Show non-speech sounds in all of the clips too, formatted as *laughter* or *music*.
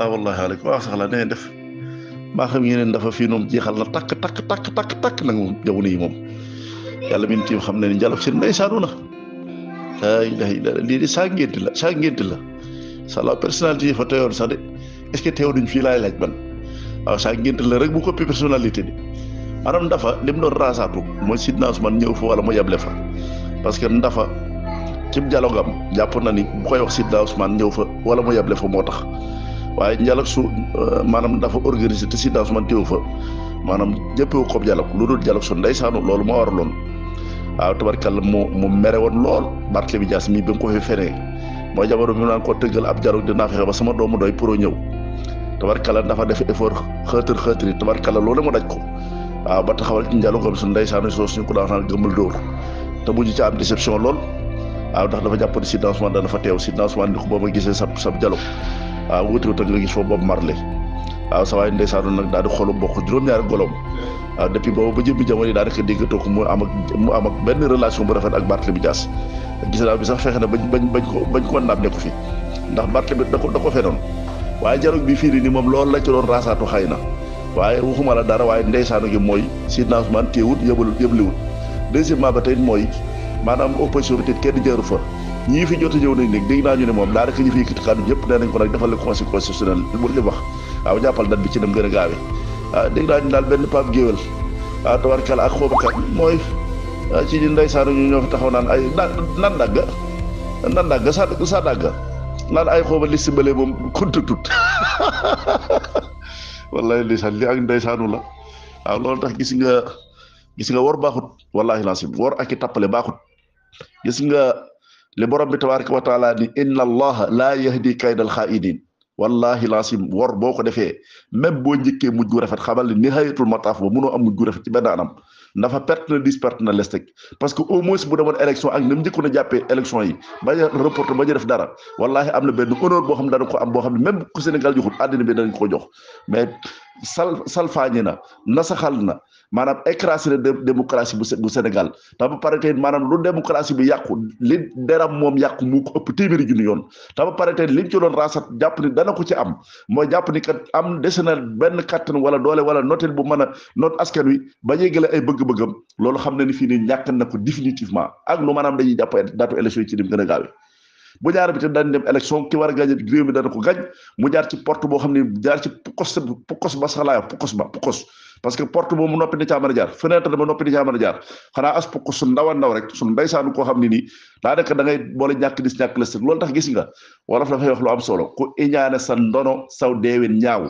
alaa wallaahi aleykum waaw sax la nee def maa xam yeneen dafa fii noom jeexal na takk takk takk takk takk nag moom jamono yi moom yàlla min tiim xam ne ni njàllob seen ndeysaanu na laa ilaha illa saa ngénte la saa ngénte la sa la personnalité yi fa sax de fii laay laaj man waaw saa la rek bu coppi personnalité bi maanaam ndafa li mu doon raasaatu mooy sidna Usmaan ñëw fa wala mu yable fa parce que ndafa ci dialogue am jàpp na ni bu koy wax sidna Usmaan ñëw fa wala mu yable fa moo tax waaye njalak su euh, maanaam dafa organiser te si dansement teew fa maanaam jëppewu ko jalak lu dul jalak su ndeysaanu loolu moo waraloon waaw tabarkàlla mu mu mere woon lool Barthélémy Dias mii ba nga ko fi fenee mooy jamono bi mu naan ko tëggal ab jarug dinaa fexe ba sama doomu doy pour ñëw kala dafa def effort xëtër xëtër yi tabarkàlla loolu mu daj ko waaw ba taxawal ci njalugam su ndeysaanu soo suñu ko daan naan gëmul dóor te mujj ci am déception lool waaw ndax dafa jàpp ne si dansement dana fa teew si dansement ni ko ba ma gisee sab sab jalug waaw ah, wuutu wuutal nga gis foofu Bob Marley waaw ah, sa waay ndeysaan nag daal di xoolu bokk juróom-ñaari golom waaw ah, depuis boobu ba jëmmi jamono yi daanaka déggatoo ko mu am ak mu am ak benn relation bu rafet ak Barthélémy Dias gis naa bi sax fexe na bañ bañ bañ ko bañ ko naam ne ko fi ndax Barthélémy da ko da ko fenoon waaye jarog bi fii ni ni moom loolu la ci doon raasaatu xay na waaye waxuma la dara waaye ndeysaanu gi mooy Sidna Ousmane téewut yëbalu yëbliwut deuxièmement ba tey mooy maanaam opposition bi kenn jaru fa ñii fi jot a ñëw nañ nag dégg naa ñu ne moom daanaka ñu fi yëkkati kàddu yëpp nee nañ ko nag defal la conseil constitutionnel mu li wax waaw jàppal dat bi ci dem gën ah ñu daal benn pape géwél ah tawarkal ak xoobakat mooy ah ci ñun ndeysaan ñu ñoo fi ay nan dàgga nan dàgga sa sa dàgga naan ay xooba li simbalee moom *laughs* wallahi ndeysaan li ak ndeysaanu la waaw loolu tax gis nga gis nga war baaxut wallahi lancim war ak i tappale baaxut gis nga li borom bi tabaraka wa taala ni inna allaha laa yahdi kaydal xaaidin wallahi laasim wor boo ko defee même boo njëkkee mujj gu rafet xamal ni nihayatul mataaf ba munoo am mujj gu rafet ci benn anam ndafa perte na dis perte na lestek parce que au mois bu demoon élection ak ni mu njëkkoon a jàppee élection yi bañ a reporté bañ a def dara wallahi am na benn honneur boo xam ne dana ko am boo xam ne même ku Sénégal joxul àddina bi danañ ko jox mais sal salfaañi na nasaxal na maanaam écrasé na démocratie bu Sénégal te a pare tey maanaam lu démocratie bi yàqu li deram moom yàqu mu ko ëpp téeméeri junni yoon te ba pare tey liñ ci doon raasat jàpp ni dana ko ci am moo jàpp ni kat am dese benn kattan wala doole wala notel bu mën a noot askan wi ba yeggale ay bëgg-bëggam loolu xam ne ni fii ni ñàkk na ko définitivement ak lu maanaam dañuy jàpp daatu élection yi ci dim gën a gaawee bu ñaari bi te daan dem élection ki war a gàñ réew mi dana ko gañ mu jaar ci porte boo xam ne jaar ci pukos pukos ba sax laaya pukos ba pukos parce que porte boobu mu noppi ni caa a jaar fenêtre ba noppi ni caa mën a jaar xanaa as pukos su ndaw a ndaw rek suñ mbéysaanu koo xam ne nii daanaka da ngay boole ñàkk dis ñàkk lës loolu tax gis nga wolof dafay wax lu am solo ku iñaane sa ndono saw deewin ñaaw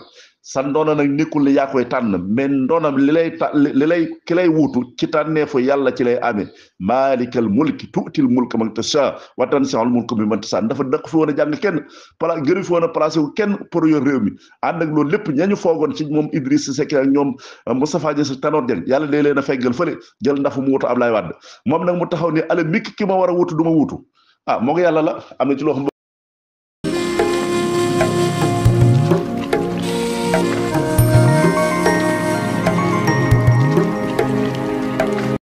sa ndoona nag nekkul ne yaa koy tànn mais ndoonam li lay ta li lay ki lay wuutu ci tànneefu yàlla ci lay amee maalikal mulki tuutil mulka man tasha wa tansiul mulka mimman tasha dafa dëkk fi woon a jàng kenn pala gëri fi woon a placé wu kenn pour yor réew mi ànd ak loolu lépp ñañu foogoon ci moom Idriss Seck ak ñoom euh, Moustapha Niasse Tanor Dieng yàlla day leen a feggal fële jël ndafu mu wutu Ablaye Wade moom nag mu taxaw ni ala mikk ki ma war a wuutu du ma wuutu ah la am na ci loo